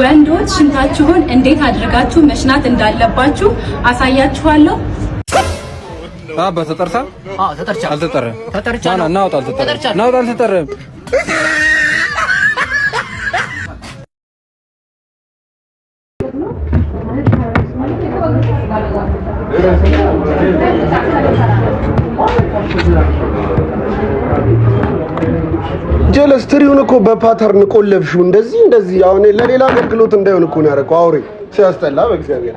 ወንዶች ሽንታችሁን እንዴት አድርጋችሁ መሽናት እንዳለባችሁ አሳያችኋለሁ። አባ ተጠርታ አዎ፣ ተጠርቻ አልተጠረ ተጠርቻ ነው። እናውጣ አልተጠረም። እናውጣ አልተጠረ ሂስትሪውን እኮ በፓተርን ቆለፍሽው። እንደዚህ እንደዚህ አሁን ለሌላ አገልግሎት እንዳይሆን እኮ ነው ያደረገው። አውሬ ሲያስጠላ በእግዚአብሔር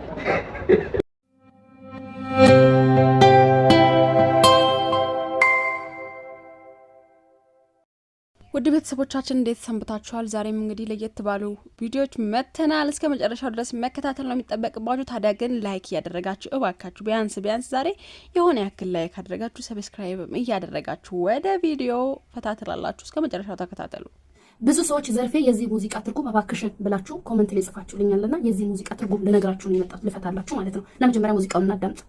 ውድ ቤተሰቦቻችን እንዴት ሰንብታችኋል? ዛሬም እንግዲህ ለየት ባሉ ቪዲዮዎች መተናል። እስከ መጨረሻው ድረስ መከታተል ነው የሚጠበቅባችሁ። ታዲያ ግን ላይክ እያደረጋችሁ እባካችሁ ቢያንስ ቢያንስ ዛሬ የሆነ ያክል ላይክ አደረጋችሁ፣ ሰብስክራይብም እያደረጋችሁ ወደ ቪዲዮ ፈታትላላችሁ። እስከ መጨረሻው ተከታተሉ። ብዙ ሰዎች ዘርፌ የዚህ ሙዚቃ ትርጉም እባክሽን ብላችሁ ኮመንት ላይ ጽፋችሁልኛል እና የዚህ ሙዚቃ ትርጉም ልነግራችሁ ነው የመጣሁት ልፈታላችሁ ማለት ነው እና መጀመሪያ ሙዚቃውን እናዳምጥ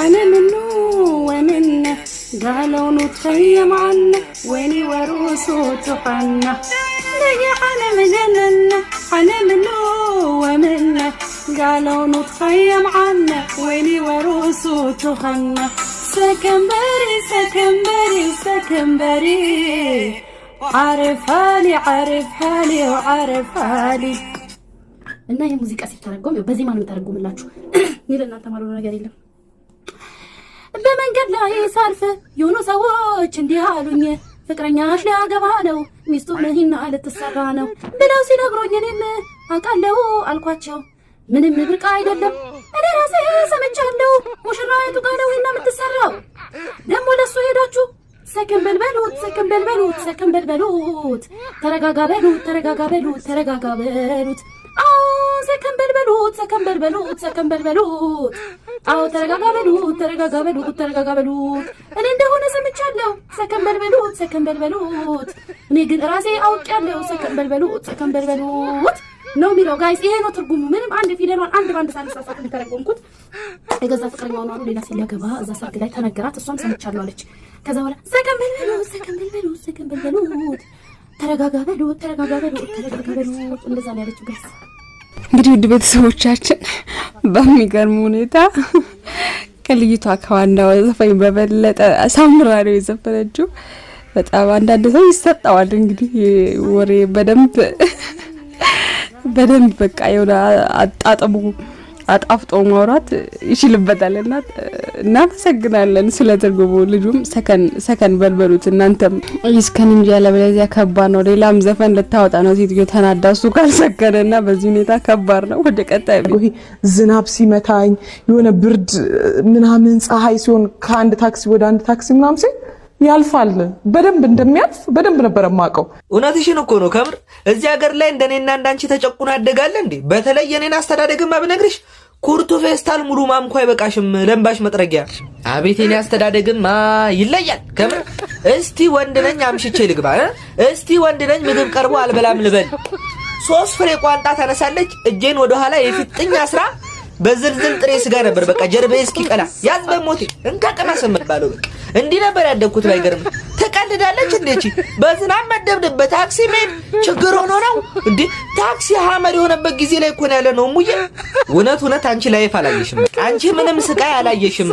أنا منو ومنا قالوا نتخيم عنا ويني وروس وتحنا نجح أنا مجننا أنا منو ومنا قالوا نتخيم وتحنا سكن بري سكن سكنبري سكنبري سكنبري عارف حالي عارف حالي وعارف حالي እና የሙዚቃ ሲተረጎም በዜማ ነው የሚተረጉምላችሁ። እኔ ለእናንተ ማልሆነ ነገር የለም። በመንገድ ላይ ሳልፍ የሆኑ ሰዎች እንዲህ አሉኝ፣ ፍቅረኛሽ ሊያገባ ነው ሚስቱ መሂና ልትሰራ ነው ብለው ሲነግሮኝ እኔም አውቃለሁ አልኳቸው። ምንም ብርቅ አይደለም። እኔ ራሴ ሰምቻለሁ። ሙሽራይቱ ጋር ነው እና የምትሰራው ደግሞ ለሱ ሄዳችሁ ሰክን በልበሉት፣ ሰክን በልበሉት፣ ሰክን በልበሉት፣ ተረጋጋ በሉት፣ ተረጋጋ በሉት፣ ተረጋጋ በሉት ሰከን በልበሉት፣ ሰከን በልበሉት፣ ሰከን በልበሉት። አዎ ተረጋጋ በሉት፣ ተረጋጋ በሉት፣ ተረጋጋ በሉት። እኔ እንደሆነ ሰምቻለሁ። ሰከን በልበሉት፣ ሰከን በልበሉት። እኔ ግን ራሴ አውቄያለሁ። ሰከን በልበሉት፣ ሰከን በልበሉት ነው የሚለው ጋይስ። ይሄ ነው ትርጉሙ። ምንም አንድ ፊደሏን አንድ በአንድ ሳልሳሳት ተረጎምኩት። የገዛ ፍቅረኛውን አሉ ሌላ ሴት እዛ ሰርግ ላይ ተነገራት። እሷም ሰምቻለሁ አለች። ከዛ በኋላ ሰከን በልበሉት፣ ሰከን በልበሉት፣ ሰከን በልበሉት ተረጋጋ በሉ፣ ተረጋጋ በሉ፣ ተረጋጋ በሉ። እንደዛ ነው ያለችው። ጋይስ እንግዲህ ውድ ቤተሰቦቻችን በሚገርም ሁኔታ ከልዩቷ ከዋናው ዘፋኝ በበለጠ ሳምራ ነው የዘፈነችው። በጣም አንዳንድ ሰው ይሰጠዋል እንግዲህ ወሬ በደንብ በደንብ በቃ የሆነ አጣጥሙ አጣፍጦ ማውራት ይችልበታል። እና እናመሰግናለን ስለ ትርጉሙ። ልጁም ሰከን በልበሉት እናንተም ይስከን እንጂ ያለበለዚያ ከባድ ነው። ሌላም ዘፈን ልታወጣ ነው ሴትዮ ተናዳ፣ እሱ ካልሰከነ እና በዚህ ሁኔታ ከባድ ነው። ወደ ቀጣይ ዝናብ ሲመታኝ የሆነ ብርድ ምናምን ፀሐይ ሲሆን ከአንድ ታክሲ ወደ አንድ ታክሲ ምናምን ሲል ያልፋል። በደንብ እንደሚያልፍ በደንብ ነበር የማውቀው። እውነትሽን እኮ ነው ከምር። እዚህ ሀገር ላይ እንደኔና እንዳንቺ ተጨቁን አደጋለ እንዴ? በተለይ የኔን አስተዳደግማ ብነግርሽ ኩርቱ ፌስታል ሙሉ ማምኳ አይበቃሽም፣ ለምባሽ መጥረጊያ። አቤት የኔ አስተዳደግማ ይለያል ከምር። እስቲ ወንድ ነኝ አምሽቼ ልግባ፣ እስቲ ወንድ ነኝ ምግብ ቀርቦ አልበላም ልበል። ሶስት ፍሬ ቋንጣ ታነሳለች። እጄን ወደኋላ የፊጥኝ አስራ በዝልዝል ጥሬ ስጋ ነበር በቃ ጀርቤ እስኪ ቀላ ያዝ በሞቴ እንካ ቀና ሰምባለው በቃ እንዲህ ነበር ያደግኩት። ባይገርም ትቀልዳለች። እንዴች በዝናብ መደብደብ በታክሲ መሄድ ችግር ሆኖ ነው እንዴ? ታክሲ ሀመር የሆነበት ጊዜ ላይ እኮ ነው ያለ ነው። ሙዬ እውነት እውነት አንቺ ላይፍ አላየሽም። አንቺ ምንም ስቃይ አላየሽም።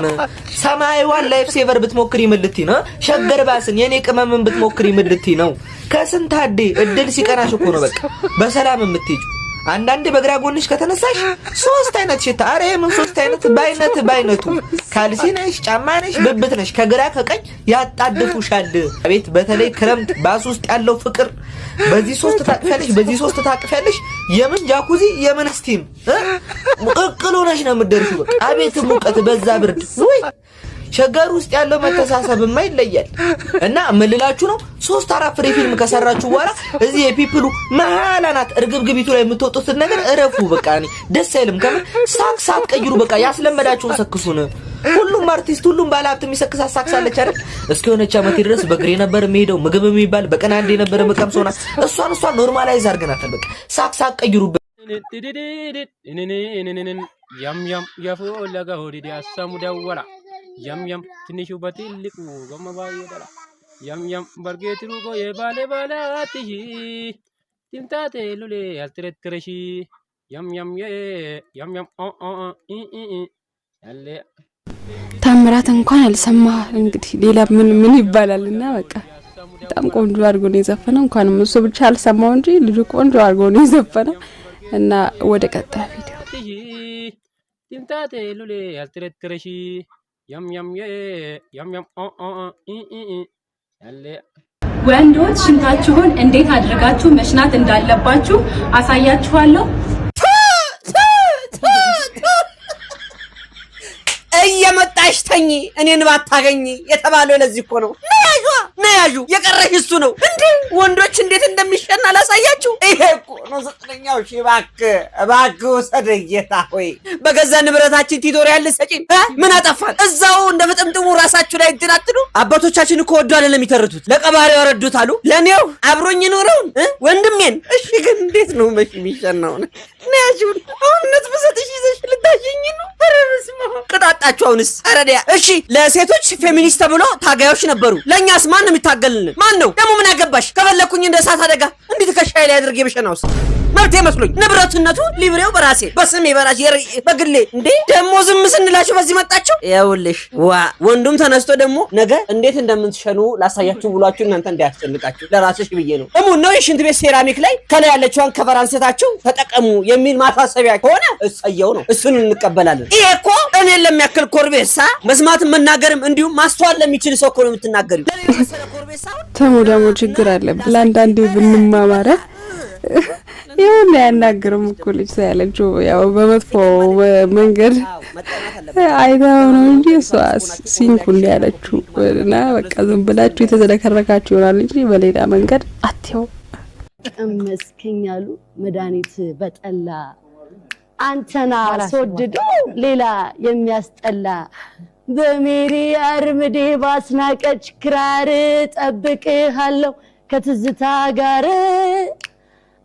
ሰማያዊዋን ላይፍ ሴቨር ብትሞክሪ ምልቲ ነው። ሸገር ባስን የኔ ቅመምን ብትሞክሪ ምልቲ ነው። ከስንታዴ እድል ሲቀናሽ እኮ ነው በቃ በሰላም የምትሄጂው። አንዳንዴ በግራ ጎንሽ ከተነሳሽ ሶስት አይነት ሽታ። አረ ምን ሶስት አይነት? በአይነት በአይነቱ ካልሲ ነሽ፣ ጫማ ነሽ፣ ብብት ነሽ። ከግራ ከቀኝ ያጣድፉሻል። አቤት! በተለይ ክረምት ባስ ውስጥ ያለው ፍቅር። በዚህ ሶስት ታቅፊያለሽ፣ በዚህ ሶስት ታቅፊያለሽ። የምን ጃኩዚ የምን ስቲም ቅቅሉ ነሽ ነው የምትደርሺው። አቤት ሙቀት በዛ ብርድ ወይ ሸገር ውስጥ ያለው መተሳሰብማ ይለያል። እና ምልላችሁ ነው ሶስት አራት ፍሬ ፊልም ከሰራችሁ በኋላ እዚህ የፒፕሉ መሀላናት እርግብግቢቱ ላይ የምትወጡትን ነገር እረፉ። በቃ ደስ አይልም። ከምን ሳቅ ቀይሩ። በቃ ያስለመዳችሁን ሰክሱን። ሁሉም አርቲስት፣ ሁሉም ባለሀብት የሚሰክስ አሳክሳለች አይደል? እስኪ የሆነች ዓመቴ ድረስ በእግሬ ነበር የሚሄደው ምግብ የሚባል በቀን አንዴ ነበር መቀም ሰሆና እሷን እሷን ኖርማላይዝ አድርገናታል። በቃ ሳቅ ሳቅ ሳትቀይሩበት ያም ያም ያፎ ለጋ ሆዴ ያሳሙ ዳወላ የምየም ትንሽ ውበት ትልቁ ገመ ባየ ደራ የምየም በርጌትሩ ጎየ ባሌ ባላትሽ ትምታቴ ሉሌ ያልተረትረሽ የምየም ታምራት እንኳን አልሰማ። እንግዲህ ሌላ ምን ምን ይባላል? እና በቃ በጣም ቆንጆ አድርጎ ነው የዘፈነው። እንኳንም እሱ ብቻ አልሰማው እንጂ ልጁ ቆንጆ አድርጎ ነው የዘፈነው። እና ወደ ቀጣይ ቪዲዮ ትምታቴ ሉሌ ያልተረትረሽ ወንዶች ሽንታችሁን እንዴት አድርጋችሁ መሽናት እንዳለባችሁ አሳያችኋለሁ። እየመጣሽ ተኝ እኔን ባታገኝ የተባለው ለዚህ እኮ ነው። ተያዡ የቀረሽ እሱ ነው እንዴ! ወንዶች እንዴት እንደሚሸን አላሳያችሁ? ይሄ እኮ ነው ዘጠነኛው። እሺ እባክህ እባክህ ውሰደኝ ጌታ ሆይ። በገዛ ንብረታችን ቲቶሪያል ሰጪ ምን አጠፋል? እዛው እንደ ፍጥምጥሙ ራሳችሁ ላይ እንትን አትሉ። አባቶቻችን እኮ ወዶ አይደለም የሚተርቱት፣ ለቀባሪው ያረዱት አሉ። ለእኔው አብሮኝ ኖረውን ወንድሜን። እሺ ግን እንዴት ነው መሽ የሚሸናው? ነያሽን አሁንነት ብሰጥሽ ይዘሽ ልታሸኝ ነው? ቅጣጣችሁ አሁንስ። ኧረ እሺ ለሴቶች ፌሚኒስት ተብሎ ታጋዮች ነበሩ። ለእኛስ ማን የሚታገልልን ማን ነው ደግሞ? ምን አገባሽ? ከፈለግኩኝ እንደ እሳት አደጋ እንዴት ከሻይ ላይ አድርጌ ብሸና መብት መስሎኝ ንብረትነቱ ሊብሬው በራሴ በስሜ በራሴ በግሌ። እንዴ ደግሞ ዝም ስንላቸው በዚህ መጣቸው። ይኸውልሽ ዋ ወንዱም ተነስቶ ደግሞ ነገ እንዴት እንደምትሸኑ ላሳያችሁ ብሏችሁ እናንተ እንዳያስጨንቃችሁ ለራሴሽ ብዬ ነው። እሙን ነው የሽንት ቤት ሴራሚክ ላይ ከላይ ያለችዋን ከቨር አንስታችሁ ተጠቀሙ የሚል ማሳሰቢያ ከሆነ እሰየው ነው። እሱን እንቀበላለን። ይሄ እኮ እኔን ለሚያክል ኮርቤሳ መስማትም መናገርም እንዲሁም ማስተዋል ለሚችል ሰው እኮ ነው የምትናገሪው። ተሙ ደግሞ ችግር አለብን ለአንዳንዴ ብንማማረ ይሁን አያናግርም እኮ ልጅ ያለችው ያው በመጥፎ መንገድ አይታው ነው እንጂ እሷ ሲንኩል ያለችው እና በቃ ዝም ብላችሁ የተዘለከረካችሁ ይሆናል እንጂ በሌላ መንገድ አትየው ቀመስከኝ መድኃኒት በጠላ አንተና አስወድዶ ሌላ የሚያስጠላ በሜሪ አርምዴ ባስናቀች ክራር ጠብቅሃለሁ ከትዝታ ጋር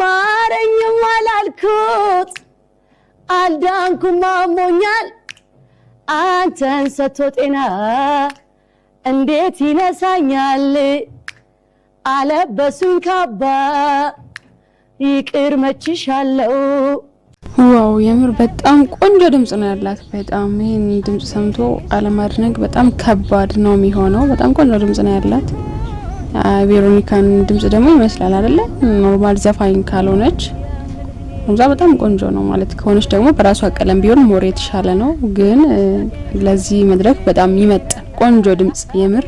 ማረኝ አላልኩት አልዳንኩም አሞኛል አንተን ሰጥቶ ጤና እንዴት ይነሳኛል አለበሱኝ ካባ ይቅር መችሻለው ዋው የምር በጣም ቆንጆ ድምጽ ነው ያላት። በጣም ይህን ድምጽ ሰምቶ አለማድነግ በጣም ከባድ ነው የሚሆነው። በጣም ቆንጆ ድምጽ ነው ያላት። ቬሮኒካን ድምጽ ደግሞ ይመስላል አይደለ? ኖርማል ዘፋኝ ካልሆነች ሙዛ በጣም ቆንጆ ነው ማለት ከሆነች ደግሞ በራሷ ቀለም ቢሆን ሞር የተሻለ ነው። ግን ለዚህ መድረክ በጣም ይመጣ ቆንጆ ድምጽ የምር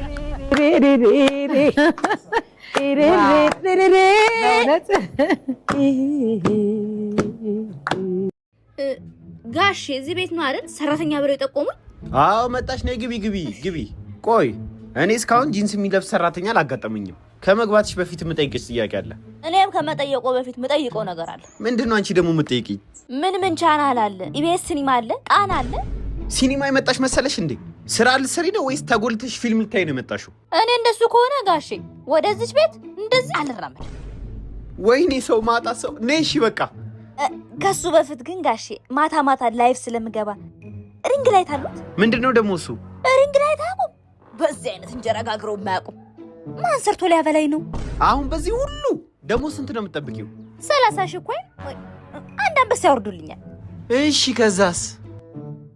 ጋሽ እዚህ ቤት ነው አይደል? ሰራተኛ ብለው የጠቆሙኝ። አዎ መጣሽ ነይ ግቢ ግቢ ግቢ ቆይ እኔ እስካሁን ጂንስ የሚለብስ ሰራተኛ አላጋጠመኝም። ከመግባትሽ በፊት የምጠይቅሽ ጥያቄ አለ። እኔም ከመጠየቆ በፊት የምጠይቀው ነገር አለ። ምንድን ነው አንቺ ደግሞ የምጠይቅኝ? ምን ምን ቻናል አለ? ኢቤስ ሲኒማ አለ፣ ቃና አለ። ሲኒማ የመጣሽ መሰለሽ እንዴ? ስራ ልትሰሪ ነው ወይስ ተጎልተሽ ፊልም ልታይ ነው የመጣሽው? እኔ እንደሱ ከሆነ ጋሼ ወደዚች ቤት እንደዚህ አልራመድ። ወይኔ ሰው ማጣ ሰው ነሽ። በቃ ከሱ በፊት ግን ጋሼ ማታ ማታ ላይፍ ስለምገባ ሪንግ ላይት አሉት። ምንድን ነው ደግሞ እሱ ሪንግ ላይት በዚህ አይነት እንጀራ ጋግረው የማያውቁም ማን ሰርቶ ሊያበላኝ ነው? አሁን በዚህ ሁሉ ደግሞ ስንት ነው የምትጠብቂው? ሰላሳ ሺህ እኮ አንድ አንበሳ ያወርዱልኛል። እሺ ከዛስ?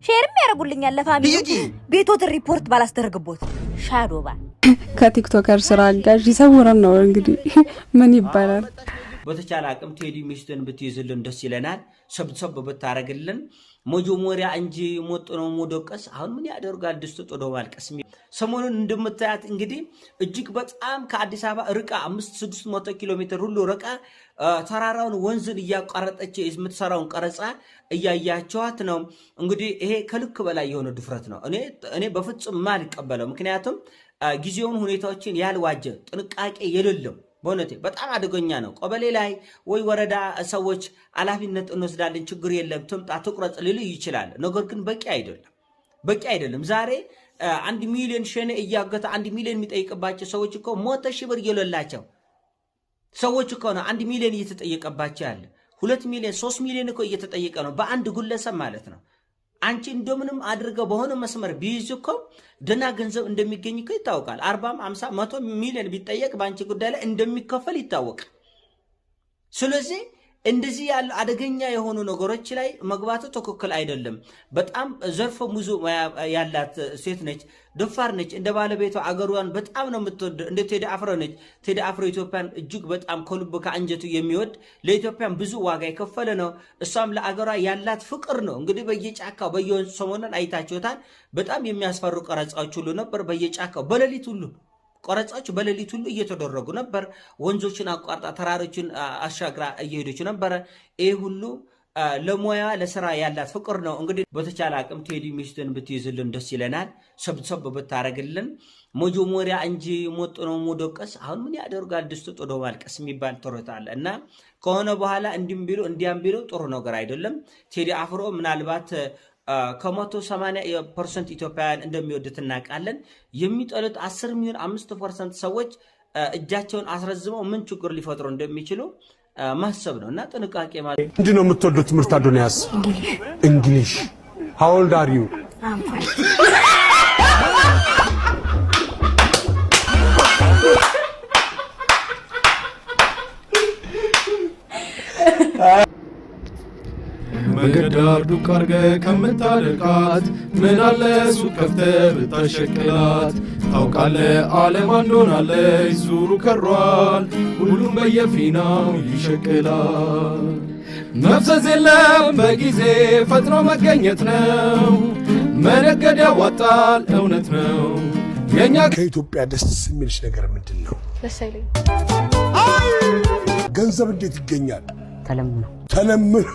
ሼርም ያደርጉልኛል ለፋሚሊ ቤቶትን ሪፖርት ባላስደርግቦት ሻዶባ ከቲክቶከር ስራ አጋዥ ይሰውረን ነው እንግዲህ ምን ይባላል? በተቻለ አቅም ቴዲ ሚስትን ብትይዝልን ደስ ይለናል። ሰብሰብ ብታረግልን መጀመሪያ እንጂ ሞጥ ነው ሞዶቀስ አሁን ምን ያደርጋል ድስት ጥዶ ማልቀስ። ሰሞኑን እንደምታያት እንግዲህ እጅግ በጣም ከአዲስ አበባ ርቃ አምስት ስድስት መቶ ኪሎ ሜትር ሁሉ ርቃ ተራራውን ወንዝን እያቋረጠች የምትሰራውን ቀረጻ እያያቸዋት ነው። እንግዲህ ይሄ ከልክ በላይ የሆነ ድፍረት ነው። እኔ በፍጹም ማልቀበለው፣ ምክንያቱም ጊዜውን ሁኔታዎችን ያልዋጀ ጥንቃቄ የሌለው በእውነት በጣም አደገኛ ነው። ቀበሌ ላይ ወይ ወረዳ ሰዎች ኃላፊነት እንወስዳለን፣ ችግር የለም፣ ትምጣ፣ ትቁረጽ ሊሉ ይችላል። ነገር ግን በቂ አይደለም፣ በቂ አይደለም። ዛሬ አንድ ሚሊዮን ሸኔ እያገተ አንድ ሚሊዮን የሚጠይቅባቸው ሰዎች እኮ ሞተ ሺህ ብር ሰዎች እኮ ነው አንድ ሚሊዮን እየተጠየቀባቸው ያለ ሁለት ሚሊዮን ሶስት ሚሊዮን እኮ እየተጠየቀ ነው በአንድ ግለሰብ ማለት ነው። አንቺ እንደምንም አድርገው በሆነ መስመር ቢይዙ እኮ ደህና ገንዘብ እንደሚገኝ እኮ ይታወቃል። አርባም አምሳ መቶ ሚሊዮን ቢጠየቅ በአንቺ ጉዳይ ላይ እንደሚከፈል ይታወቃል። ስለዚህ እንደዚህ ያሉ አደገኛ የሆኑ ነገሮች ላይ መግባቱ ትክክል አይደለም። በጣም ዘርፈ ብዙ ያላት ሴት ነች፣ ደፋር ነች። እንደ ባለቤቷ አገሯን በጣም ነው የምትወድ። እንደ ቴዲ አፍሮ ነች። ቴዲ አፍሮ ኢትዮጵያን እጅግ በጣም ከልብ ከአንጀቱ የሚወድ ለኢትዮጵያን ብዙ ዋጋ የከፈለ ነው። እሷም ለአገሯ ያላት ፍቅር ነው። እንግዲህ በየጫካው በየወንዙ ሰሞኑን አይታችሁታል። በጣም የሚያስፈሩ ቀረጻዎች ሁሉ ነበር፣ በየጫካው በሌሊት ሁሉ ቀረጻዎች በሌሊት ሁሉ እየተደረጉ ነበር። ወንዞችን አቋርጣ ተራሮችን አሻግራ እየሄደች ነበረ። ይህ ሁሉ ለሙያ ለስራ ያላት ፍቅር ነው። እንግዲህ በተቻለ አቅም ቴዲ ሚስትን ብትይዝልን ደስ ይለናል። ሰብሰብ ብታረግልን መጀመሪያ እንጂ ሞጥ ነው ሞዶቀስ አሁን ምን ያደርጋል ድስት ጥዶ ማልቀስ የሚባል ተረት አለ እና ከሆነ በኋላ እንዲም ቢሉ እንዲያም ቢሉ ጥሩ ነገር አይደለም። ቴዲ አፍሮ ምናልባት ከመቶ 80 ፐርሰንት ኢትዮጵያውያን እንደሚወዱት እናውቃለን። የሚጠሉት 10 ሚሊዮን 5 ፐርሰንት ሰዎች እጃቸውን አስረዝመው ምን ችግር ሊፈጥሩ እንደሚችሉ ማሰብ ነው እና ጥንቃቄ ማለት ምንድን ነው የምትወዱት ትምህርት? አዶንያስ እንግሊሽ ሀውልድ አር ዩ መንገድ ዳር ዱቅ አርገ ከምታደርቃት ምን አለ ሱቅ ከፍተ ብታሸቅላት ታውቃለ ዓለም አንዶናለች ዙሩ ከሯል ሁሉም በየፊናው ይሸቅላል። መፍሰስ የለም በጊዜ ፈጥኖ መገኘት ነው መነገድ ያዋጣል እውነት ነው። የእኛ ከኢትዮጵያ ደስ የሚልሽ ነገር ምንድን ነው? ገንዘብ እንዴት ይገኛል? ተለምኖ ተለምኖ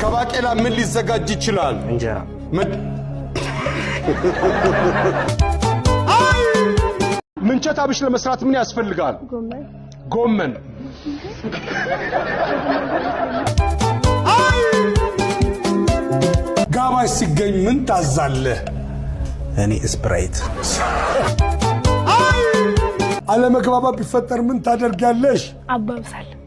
ከባቄላ ምን ሊዘጋጅ ይችላል? እንጀራ። ምንቸት አብሽ ለመስራት ምን ያስፈልጋል? ጎመን። ጋባዥ ሲገኝ ምን ታዛለህ? እኔ ስፕራይት። አለመግባባት ቢፈጠር ምን ታደርጊያለሽ? አባብሳለሁ።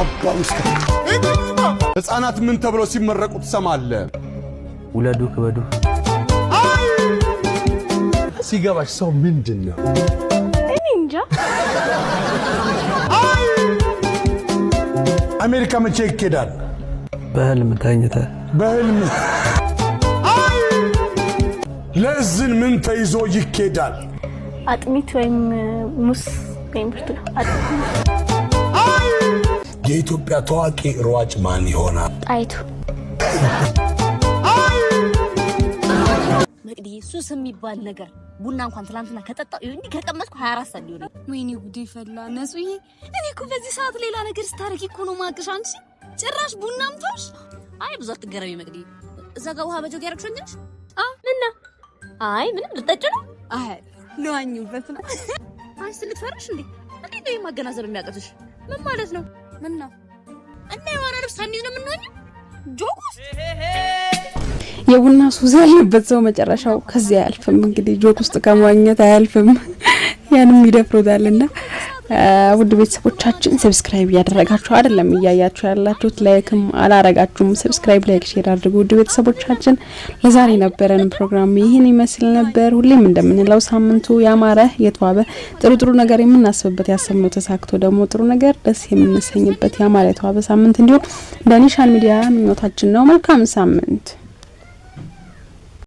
አባ ውስጥ ምን ተብለው ሲመረቁ ትሰማለህ? ውለዱ ክበዱ። ሲገባሽ ሰው ምንድን ነው? እንጃ። አሜሪካ መቼ ይኬዳል? በህልም ተኝተ በህልም ለዝን ምን ተይዞ ይኬዳል? አጥሚት ወይም ሙስ ወይም ብርቱካን የኢትዮጵያ ታዋቂ ሯጭ ማን ይሆናል? ጣይቱ መቅዲ ሱስ የሚባል ነገር ቡና እንኳን ትላንትና ከጠጣሁ እንዲህ ከቀመስኩ 24 ሰዓት ሊሆነ። ወይኔ ጉዴ ፈላ። ነጹዬ፣ እኔ እኮ በዚህ ሰዓት ሌላ ነገር ስታደርጊ እኮ ነው ማቅሽ። አንቺ ጭራሽ ቡናም ምቶሽ። አይ ብዙ አትገረቢ መቅዲ። እዛ ጋር ውሃ በጆግ ያደረግሽ ወንጀልሽ። ምና አይ ምንም ልጠጭ ነው። አይ ለዋኝበት ነው። አይ ስልትፈረሽ እንዴ! እንዴት ነው የማገናዘብ የሚያቀትሽ? ምን ማለት ነው? ምን ነው እና የዋና ልብስ ነው የቡና ሱዝ ያለበት ሰው መጨረሻው ከዚህ አያልፍም። እንግዲህ ጆክ ውስጥ ከመዋኘት አያልፍም። ያንም ይደፍሮታልና ውድ ቤተሰቦቻችን ሰብስክራይብ እያደረጋችሁ አይደለም እያያችሁ ያላችሁት፣ ላይክም አላረጋችሁም። ሰብስክራይብ፣ ላይክ፣ ሼር አድርጉ። ውድ ቤተሰቦቻችን ለዛሬ ነበረን ፕሮግራም ይህን ይመስል ነበር። ሁሌም እንደምንለው ሳምንቱ ያማረ የተዋበ ጥሩ ጥሩ ነገር የምናስብበት ያሰብነው ተሳክቶ ደግሞ ጥሩ ነገር ደስ የምንሰኝበት ያማረ የተዋበ ሳምንት እንዲሁም በኒሻን ሚዲያ ምኞታችን ነው። መልካም ሳምንት